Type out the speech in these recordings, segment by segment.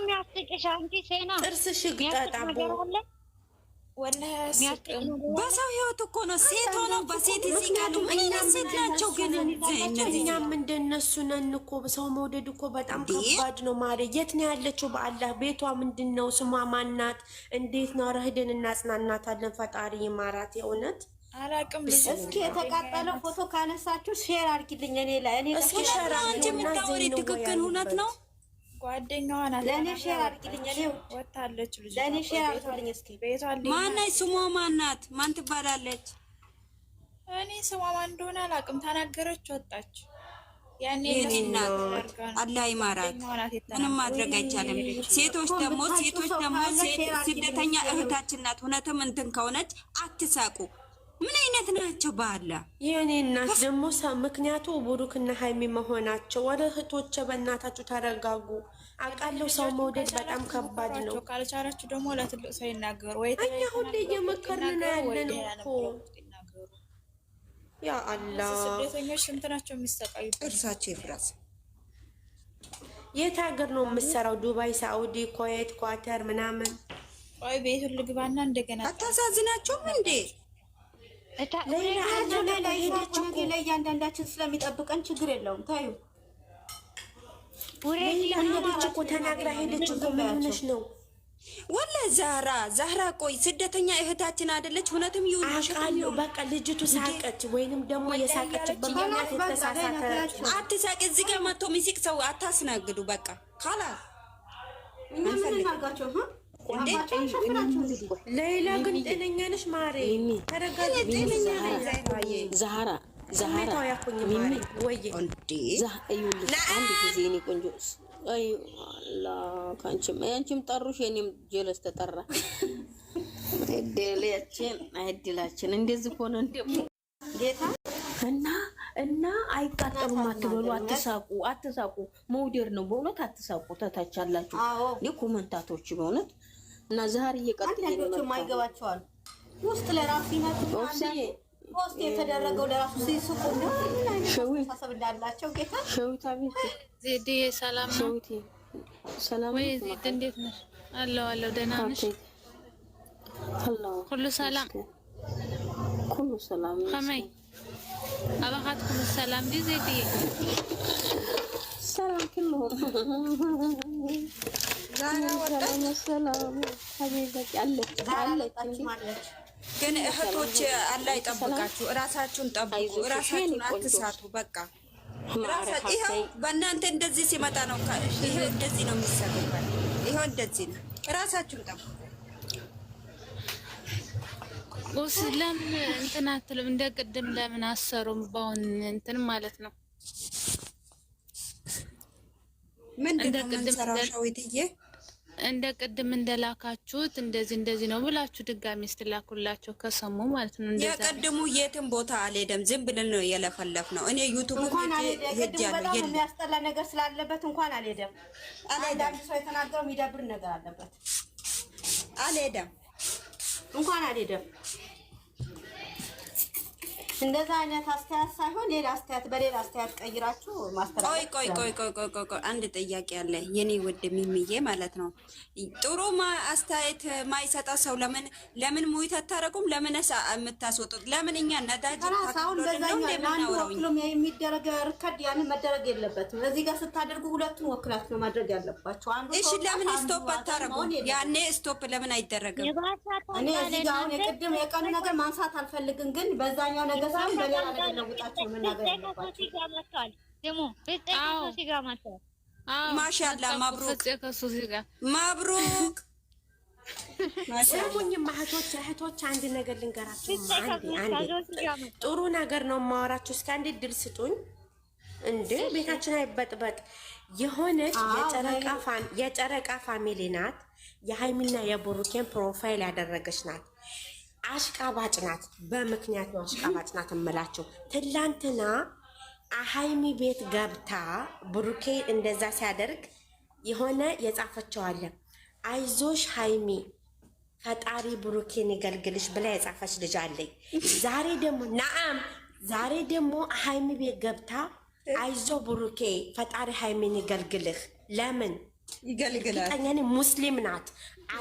የሚያስቅሽ አንቺ ሴና ጥርስሽ ግጣጣቦ በሰው ህይወት እኮ ነው። ሴት ሆነው በሴት ይስቃሉ። እኛ ሴት ናቸው፣ ግን እኛም እንደነሱ ነን እኮ። ሰው መውደድ እኮ በጣም ከባድ ነው። ማሬ የት ነው ያለችው? በአላህ ቤቷ ምንድን ነው ስሟ? ማናት? እንዴት ነው? ረህደን እናጽናናታለን። ፈጣሪ ይማራት። የእውነት አላቅም። እስኪ የተቃጠለው ፎቶ ካነሳችሁ ሼር አድርጊልኝ እኔ ላይ እኔ እስኪ ሼር አንቺ የምታወሪ ትክክል እውነት ነው ጓደኛዋ ናት። ለእኔ ሼር አድርጊልኝ። ወታለች ልጅ ለእኔ ሼር አድርጊልኝ እስኪ። ማናት? ስሟ ማናት? ማን ትባላለች? እኔ ስሟ ማን እንደሆነ አላውቅም። ተናገረች፣ ወጣች። አላህ ይማራት። ምንም ማድረግ አይቻልም። ሴቶች ደግሞ ሴቶች ደግሞ ስደተኛ እህታችን ናት። እውነትም እንትን ከሆነች አትሳቁ። ምን አይነት ናቸው? ባላ የኔ እናት ደግሞ ምክንያቱ ቡሩክና ሀይሚ መሆናቸው። ወደ እህቶች በእናታችሁ ተረጋጉ። አውቃለሁ ሰው መውደድ በጣም ከባድ ነው። ካልቻላችሁ ደግሞ ለትልቅ ሰው ይናገሩ። እኛ ሁሌ እየመከርን ነው ያለን እኮ ያ አላ ስደተኞች ስንት ናቸው የሚሰቃዩ? እርሳቸው ይፍራስ። የት ሀገር ነው የምሰራው? ዱባይ፣ ሳኡዲ፣ ኮዌት፣ ኳተር ምናምን። ቆይ ቤት ልግባና እንደገና አታሳዝናቸውም እንዴ? ሌላቸው ሌላ የሄደችው ሌላ እያንዳንዳችን ስለሚጠብቀን ችግር የለውም። ታዩ ሌላ ሄደች እኮ ተናግራ ሄደች እኮ ምንነሽ ነው ወላ ዛህራ ዛህራ፣ ቆይ ስደተኛ እህታችን አደለች። እውነትም ይሁንሽቃለሁ። በቃ ልጅቱ ሳቀች፣ ወይንም ደግሞ የሳቀች በምክንያት የተሳሳተ አትሳቅ። እዚህ ጋር መጥቶ ሚስቅ ሰው አታስናግዱ። በቃ ካላ እኛ ምን እናርጋቸው? ሌላ ግን ጤነኛ ነሽ ማሬ? ተረጋጊ። ጤነኛ ዛህራ ዛህራ አንድ ጊዜ እኔ ቆንጆ ያንቺም ጠሩሽ የኔም ጀለስ ተጠራ። እድላችን አይድላችን እንደዚህ ከሆነ ደግሞ ጌታ እና እና አይቃጠሉም አትበሉ፣ አትሳቁ፣ አትሳቁ። መውደር ነው በእውነት አትሳቁ። ተታች አላችሁ ኮመንታቶች በእውነት እና ዛሬ እየቀጥል አንዳንዶቹ የማይገባቸዋል ውስጥ ለራሱ ይመጡና ፖስት የተደረገው ለራሱ ሲስቁ ምን አይነት እንዳላቸው ጌታ ሸዊታ ቤት ዜዴ ሰላም ሸዊቴ ሰላም ወይ ዜድ እንዴት ነሽ? አለው አለው ደህና ነሽ? ሁሉ ሰላም ኩሉ ሰላም ከመይ አባኻት ኩሉ ሰላም ዲ ዜድ ሰላም ኩሉ ግን እህቶች አላህ ይጠብቃችሁ። እራሳችሁን ጠብቁ። እራሳችሁን አትሳቱ። በቃ ይኸው በእናንተ እንደዚህ ሲመጣ ነው። ይኸው እንደዚህ ነው የሚሰሩበት። ይኸው እንደዚህ ነው። እራሳችሁን ጠብቁ። ቁስ ለምን እንትን አትልም? እንደ ቅድም ለምን አሰሩም? በአሁን እንትን ማለት ነው ምንድን እንደ ቅድም እንደላካችሁት እንደዚህ እንደዚህ ነው ብላችሁ ድጋሚ ስትላኩላቸው ከሰሙ ማለት ነው። የቅድሙ የትም ቦታ አልሄደም፣ ዝም ብለን ነው የለፈለፍ ነው። እኔ ዩቱብ በጣም የሚያስጠላ ነገር ስላለበት እንኳን አልሄደም። አንዳንድ ሰው የተናገረው የሚደብር ነገር አለበት፣ አልሄደም፣ እንኳን አልሄደም። እንደዛ አይነት አስተያየት ሳይሆን ሌላ አስተያየት በሌላ አስተያየት ቀይራችሁ ማስተራ ቆይ ቆይ ቆይ ቆይ ቆይ ቆይ አንድ ጥያቄ አለ የኔ ወደ ሚሚዬ ማለት ነው። ጥሩ አስተያየት ማይሰጣ ሰው ለምን ለምን ሙይት አታረጉም? ለምን የምታስወጡት? ለምን እኛ ነዳጅ ታሳውን በዛኛ ለአንዱ የሚደረግ ርከድ ያንን መደረግ የለበትም። እዚህ ጋር ስታደርጉ ሁለቱን ወክላችሁ ነው ማድረግ ያለባችሁ። አንዱ እሺ፣ ለምን ስቶፕ አታረጉም? ያኔ ስቶፕ ለምን አይደረግም? እኔ እዚህ ጋር አሁን የቅድም የቀኑ ነገር ማንሳት አልፈልግም፣ ግን በዛኛው ነገር ከዛም በሌላ ነገር ለውጣቸው ማሻላ ማብሩክ እህቶች እህቶች አንድ ነገር ልንገራችሁ። ጥሩ ነገር ነው የማወራችሁ። እስከ ድል ስጡኝ። እንደ ቤታችን አይበጥበጥ። የሆነች የጨረቃ ፋሚሊ ናት። የሀይሚና የቡሩኬን ፕሮፋይል ያደረገች ናት። አሽቃባጭ ናት። በምክንያት ነው አሽቃባጭ ናት እምላቸው። ትላንትና አሃይሚ ቤት ገብታ ብሩኬ እንደዛ ሲያደርግ የሆነ የጻፈችው አለ። አይዞሽ ሃይሚ ፈጣሪ ብሩኬን ይገልግልሽ ብላ የጻፈች ልጅ አለኝ። ዛሬ ደግሞ ናአም፣ ዛሬ ደግሞ ሃይሚ ቤት ገብታ አይዞ ብሩኬ ፈጣሪ ሃይሚን ይገልግልህ ለምን ይገልግላል። ሙስሊም ናት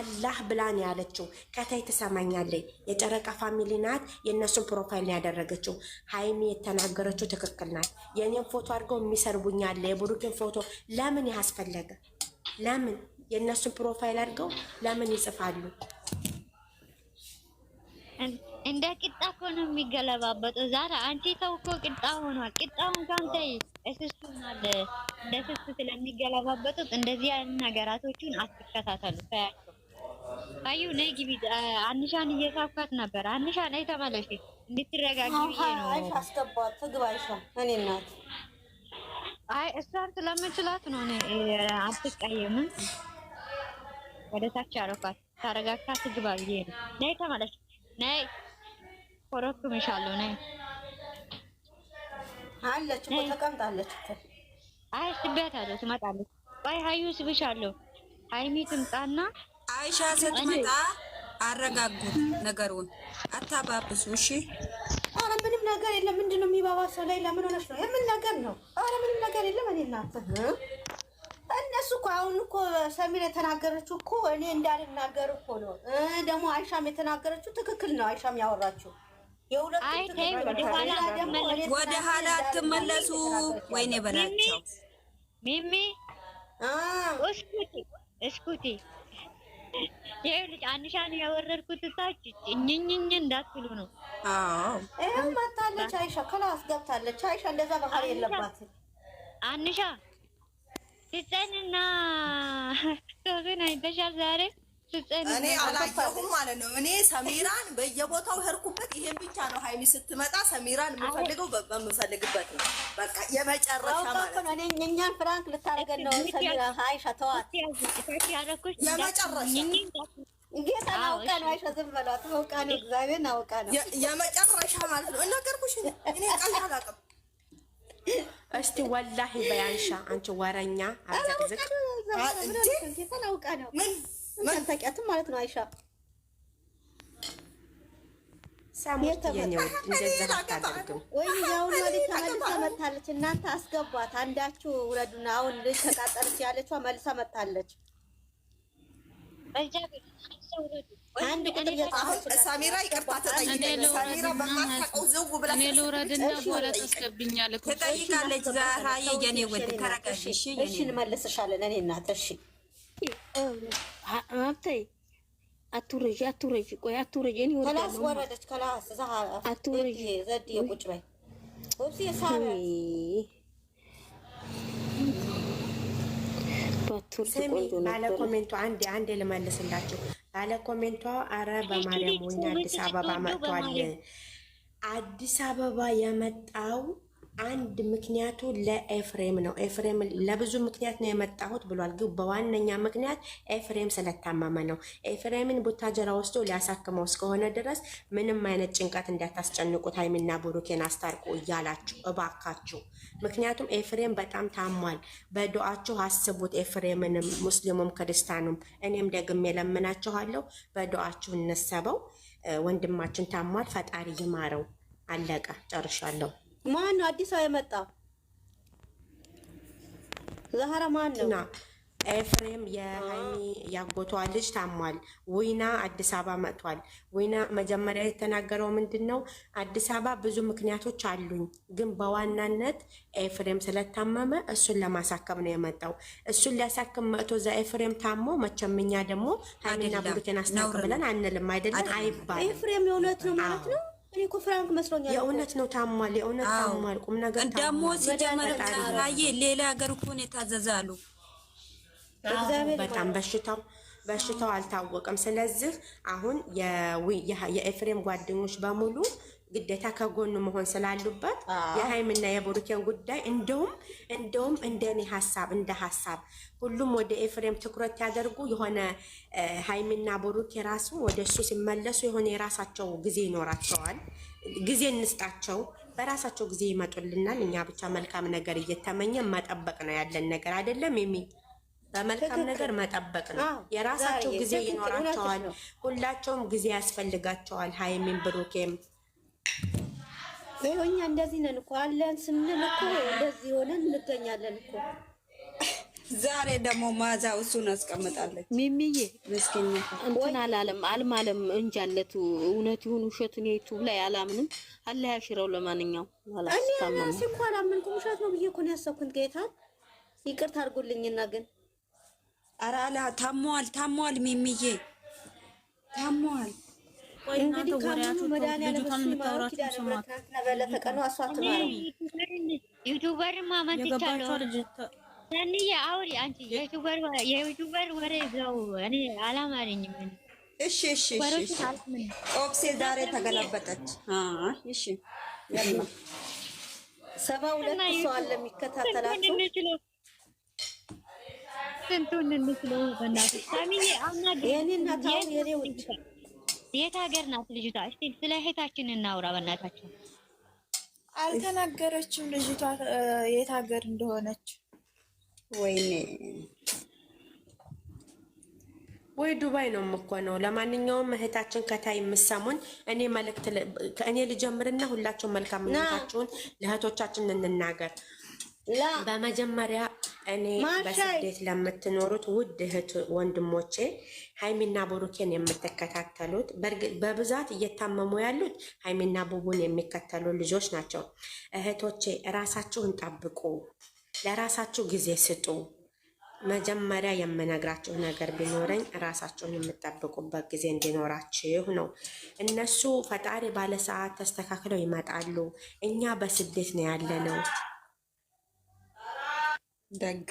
አላህ ብላን ያለችው ከታይ ትሰማኛለኝ። የጨረቃ ፋሚሊ ናት የእነሱን ፕሮፋይል ያደረገችው ሀይሚ የተናገረችው ትክክል ናት። የእኔን ፎቶ አድርገው የሚሰርቡኛለ የቡሩኬን ፎቶ ለምን ያስፈለገ? ለምን የእነሱን ፕሮፋይል አድርገው ለምን ይጽፋሉ? እንደ ቂጣ እኮ ነው የሚገለባበጠው። ዛሬ አንቺ ሰው እኮ ቂጣ ሆኗል። ቂጣውን እንኳን እስሱ ናለ እንደ ስሱ ስለሚገለባበጡት እንደዚህ አይነት ነገራቶችን አትከታተሉ ታያቸው አዩ ነይ ግቢ። አንሻን እየሳብካት ነበር። አንሻ ነይ ተመለሽ፣ እንድትረጋጊ ነው። አስገባት ትግባ። አይሻ እኔ እናት አይ እሷን ስለምችላት ነው። እኔ አትቀየምም። ወደ ታች አረኳት። ታረጋካ ትግባ ብዬ ነው። ነይ ተመለሽ፣ ነይ ኮረኩምሻለሁ። ነይ አለች እኮ ተቀምጣለች እኮ። አይ ስቢያታለሁ፣ ትመጣለች። ቆይ ሀዩ ስብሻለሁ። ሀይሚ ትምጣና አይሻ ስትመጣ አረጋጉት ነገሩን አታባብሱ። እሺ። አረ ምንም ነገር የለም። ምንድን ነው የሚባባሰው? ላይ ለምን ሆነሽ ነው? የምን ነገር ነው? አረ ምንም ነገር የለም። እኔ እናንተ እነሱ እኮ አሁን እኮ ሰሚር የተናገረችው እኮ እኔ እንዳልናገር እኮ ነው። ደግሞ አይሻም የተናገረችው ትክክል ነው። አይሻም ያወራችው ወደ ኋላ አትመለሱ። ወይኔ በላቸው ሚሚ እስኩቲ እስኩቲ ይሄ ልጅ አንሻን ያወረድኩት ታች እኝኝኝ እንዳትሉ ነው። አዎ ይሄም መታለች። አይሻ ክላስ ገብታለች። አይሻ እንደዛ ባህሪ የለባትም። አንሻ ሲፀንና ሶስን አይተሻል ዛሬ እኔ አላየሁም ማለት ነው። እኔ ሰሚራን በየቦታው ሄድኩበት። ይሄን ብቻ ነው ሀይሚ ስትመጣ ሰሚራን የምፈልገው በምፈልግበት ነው። በቃ የመጨረሻ ማለት ነው። እኛን ፍራንክ ልታደርገን ነው ሰሚራ። ሀይሻ ተዋት። የመጨረሻ ጌታ አውቃ ነው። አይሻ ዝም በሏት። አውቃ ነው፣ እግዚአብሔርን አውቃ ነው። የመጨረሻ ማለት ነው። እናገርኩሽ እኔ ቃል አላውቅም። እስቲ ወላሂ በያንሻ አንቺ ወረኛ አዘቅዝቅ ጌታ አውቃ ነው። ማለት ነው አይሻ ሳሙት የኔው እንደዛ አታደርግም ወይ? ማለት መታለች። እናንተ አስገቧት፣ አንዳችሁ ውለዱና አሁን ልጅ ተቃጠለች ያለችዋ መልሳ መታለች። አንድ እኔ እናት እሺ መብቴ አቱረጂ አቱረጂ ቆይ አቱረጂ እኔ ወጣ ወረደች ከላስ ዛሃ አቱረጂ ዘዲ ቁጭ በይ ወብሲ ሳበ ስሚ ባለ ኮሜንቷ አንዴ አንዴ ልመልስላችሁ። ባለ ኮሜንቷ አረ በማርያም ወኛ አዲስ አበባ መጥቷል። አዲስ አበባ የመጣው አንድ ምክንያቱ ለኤፍሬም ነው። ኤፍሬም ለብዙ ምክንያት ነው የመጣሁት ብሏል፣ ግን በዋነኛ ምክንያት ኤፍሬም ስለታመመ ነው። ኤፍሬምን ቡታጀራ ወስዶ ሊያሳክመው እስከሆነ ድረስ ምንም አይነት ጭንቀት እንዳታስጨንቁት፣ ሀይሚና ብሩኬን አስታርቁ እያላችሁ እባካችሁ። ምክንያቱም ኤፍሬም በጣም ታሟል። በዱአችሁ አስቡት ኤፍሬምንም፣ ሙስሊሙም ክርስቲያኑም። እኔም ደግሜ ለምናችኋለሁ፣ በዱአችሁ እንሰበው። ወንድማችን ታሟል፣ ፈጣሪ ይማረው። አለቀ። ጨርሻለሁ። ማን ነው አዲስ አበባ የመጣ? ዛህራ ማን ነው? ና ኤፍሬም የሃይሚ ያጎቷ ልጅ ታሟል። ዊና አዲስ አበባ መጥቷል። ዊና መጀመሪያ የተናገረው ምንድን ነው? አዲስ አበባ ብዙ ምክንያቶች አሉኝ፣ ግን በዋናነት ኤፍሬም ስለታመመ እሱን ለማሳከም ነው የመጣው። እሱን ሊያሳክም መጥቶ እዛ ኤፍሬም ታሞ፣ መቸምኛ እኛ ደግሞ ሀይሚና ብሩኬን አስታውቅ ብለን አንልም አይደለም፣ አይባልም። ኤፍሬም የእውነት ነው ማለት ነው እኔ እኮ ፍራንክ መስሎኛል። የእውነት ነው ታሟል። የእውነት ታሟል። ቁም ነገር ደግሞ ሲጀመር ራዬ ሌላ ሀገር እኮ ነው የታዘዛሉ። በጣም በሽታው በሽታው አልታወቀም። ስለዚህ አሁን የኤፍሬም ጓደኞች በሙሉ ግዴታ ከጎኑ መሆን ስላሉበት የሀይምና የብሩኬን ጉዳይ እንደውም እንደውም እንደኔ ሀሳብ እንደ ሀሳብ ሁሉም ወደ ኤፍሬም ትኩረት ያደርጉ የሆነ ሀይምና ብሩኬ ራሱ ወደ እሱ ሲመለሱ የሆነ የራሳቸው ጊዜ ይኖራቸዋል። ጊዜ እንስጣቸው። በራሳቸው ጊዜ ይመጡልናል። እኛ ብቻ መልካም ነገር እየተመኘ መጠበቅ ነው ያለን ነገር አይደለም የሚ በመልካም ነገር መጠበቅ ነው። የራሳቸው ጊዜ ይኖራቸዋል። ሁላቸውም ጊዜ ያስፈልጋቸዋል። ሀይሚን ብሩኬም ይኸው እኛ እንደዚህ ነን እኮ አለን ስንል እኮ እንደዚህ ሆነን እንገኛለን እኮ። ዛሬ ደግሞ ማዛ እሱን አስቀምጣለች ሚሚዬ ምስኪን እንትን አላለም አልማለም እንጃለቱ እውነት ይሁን ውሸት ነው። ላይ አላምንም አለ ያሽረው። ለማንኛውም እኔ ራሴ እኮ አላመንኩም ውሸት ነው ብዬ እኮ ነው ያሰብኩት። ጌታ ይቅርታ አድርጉልኝና ግን ታሟል ታሟል ሚሚዬ ታሟል። እንግዲህ ከሙሉ መድኃኒዓለም ዩቱበር አውሪ አንቺ የዩቱበር ወሬ ዘው እኔ አላማረኝም። እሺ እሺ እሺ፣ ኦፕሴ ዛሬ ተገለበጠች። እሺ ሰባ ሁለት ሰው አለ የሚከታተላቸው ስንቱን እንስለው በእናትሽ ሰሚዬ አናድ የኔ እናት አሁን የኔ ውድ የት ሀገር ናት ልጅቷ? እስቲ ስለ እህታችን እናውራ በእናታችን። አልተናገረችም ልጅቷ የት ሀገር እንደሆነች። ወይኔ ወይ ዱባይ ነው ነው። ለማንኛውም እህታችን ከታይ የምሰሙን እኔ መልእክት እኔ ልጀምርና ሁላችሁም መልካምነታችሁን ለእህቶቻችን እንናገር። በመጀመሪያ እኔ በስደት ለምትኖሩት ውድ እህት ወንድሞቼ ሀይሚና ቡሩኬን የምትከታተሉት በብዛት እየታመሙ ያሉት ሀይሚና ቡቡን የሚከተሉ ልጆች ናቸው። እህቶቼ ራሳችሁን ጠብቁ፣ ለራሳችሁ ጊዜ ስጡ። መጀመሪያ የምነግራችሁ ነገር ቢኖረኝ ራሳችሁን የምጠብቁበት ጊዜ እንዲኖራችሁ ነው። እነሱ ፈጣሪ ባለሰዓት ተስተካክለው ይመጣሉ። እኛ በስደት ነው ያለነው። ደግ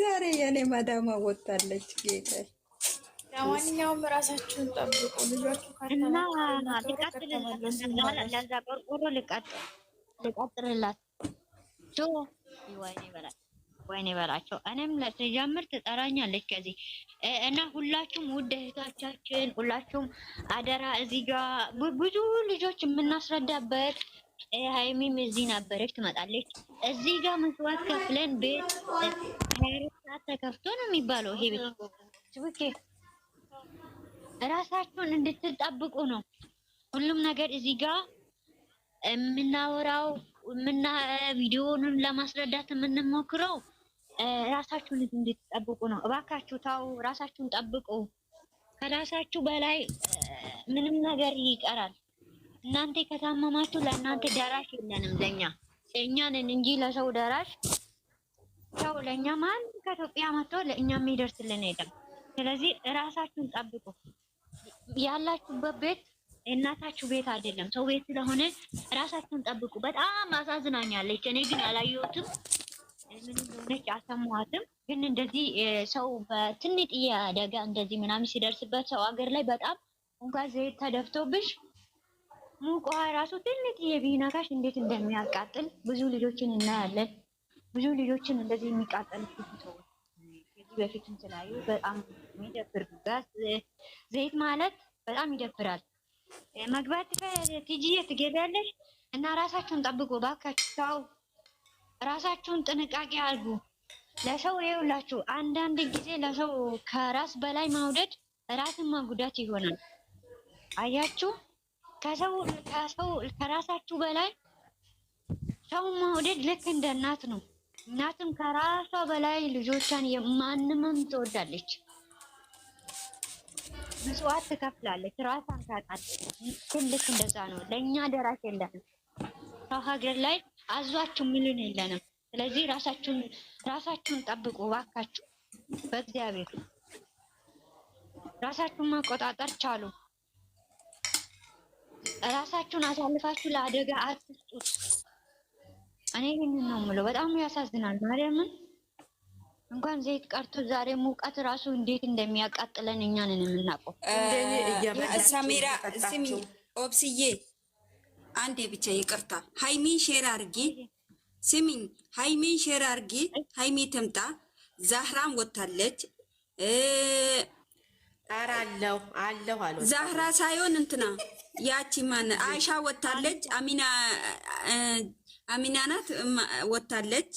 ዛሬ የኔ ማዳማ ወጣለች። ጌታ ለማንኛውም ራሳችሁን ጠብቁ። ልጆቹ እና ቆርቆሮ ልቀጥርላት ወይኔ በላቸው። እኔም ለጀምር ትጠራኛለች ከዚህ እና ሁላችሁም ውድ እህቶቻችን ሁላችሁም አደራ እዚህ ጋ ብዙ ልጆች የምናስረዳበት ሀይሚም እዚህ ነበረች ትመጣለች። እዚህ ጋር መስዋዕት ከፍለን ቤት ሰዓት ተከፍቶ ነው የሚባለው። ይሄ ቤት እራሳችሁን እንድትጠብቁ ነው ሁሉም ነገር እዚህ ጋር የምናወራው ምና ቪዲዮንም ለማስረዳት የምንሞክረው ራሳችሁን እንድትጠብቁ ነው። እባካችሁ ታው ራሳችሁን ጠብቁ። ከራሳችሁ በላይ ምንም ነገር ይቀራል። እናንተ ከታመማችሁ ለእናንተ ደራሽ የለንም። ለኛ እኛን እንጂ ለሰው ደራሽ ሰው ለእኛ ማን ከኢትዮጵያ መጥቶ ለእኛ የሚደርስልን የለም። ስለዚህ እራሳችሁን ጠብቁ። ያላችሁበት ቤት እናታችሁ ቤት አይደለም፣ ሰው ቤት ስለሆነ እራሳችሁን ጠብቁ። በጣም አሳዝናኛለች። እኔ ግን አላየሁትም፣ ምን እንደሆነች አልሰማኋትም። ግን እንደዚህ ሰው በትንጥዬ አደጋ እንደዚህ ምናምን ሲደርስበት ሰው ሀገር ላይ በጣም እንኳን ዘይት ተደፍቶብሽ ሙቋ ራሱ ትልቅ የቢናካሽ እንዴት እንደሚያቃጥል ብዙ ልጆችን እናያለን። ብዙ ልጆችን እንደዚህ የሚቃጠል ሰዎች ከዚህ በፊት ስላዩ በጣም የሚደብር ዘይት ማለት በጣም ይደብራል። መግባት ትጅዬ ትገቢያለሽ እና ራሳችሁን ጠብቁ ባካችሁ። ሰው ራሳችሁን ጥንቃቄ አድርጉ። ለሰው ይኸውላችሁ፣ አንዳንድ ጊዜ ለሰው ከራስ በላይ ማውደድ ራስን ማጉዳት ይሆናል። አያችሁ ከሰው ከራሳችሁ በላይ ሰው መውደድ ልክ እንደ እናት ነው። እናትም ከራሷ በላይ ልጆቿን የማንምም ትወዳለች። ምጽዋት ትከፍላለች፣ ራሷን ታጣለች። ልክ እንደዛ ነው። ለእኛ ደራሽ የለንም። ሰው ሀገር ላይ አዟችሁ ምልን የለንም። ስለዚህ ራሳችሁን ራሳችሁን ጠብቁ ባካችሁ። በእግዚአብሔር ራሳችሁን መቆጣጠር ቻሉ። ራሳችሁን አሳልፋችሁ ለአደጋ አትስጡት። እኔ ግን ነው የምለው። በጣም ያሳዝናል። ማርያምን እንኳን ዘይት ቀርቶ ዛሬ ሙቀት ራሱ እንዴት እንደሚያቃጥለን እኛን የምናውቀው። ሳሜራ ስሚ፣ ኦብስዬ አንዴ ብቻ ይቅርታ፣ ሀይሚን ሼር አርጊ። ስሚኝ፣ ሀይሚን ሼር አርጊ። ሀይሚ ትምጣ። ዛህራም ወታለች ጣራ አለው አለው አለ ዛህራ ሳይሆን እንትና ያቺ ማን አይሻ ወታለች። አሚና አሚና ናት ወታለች።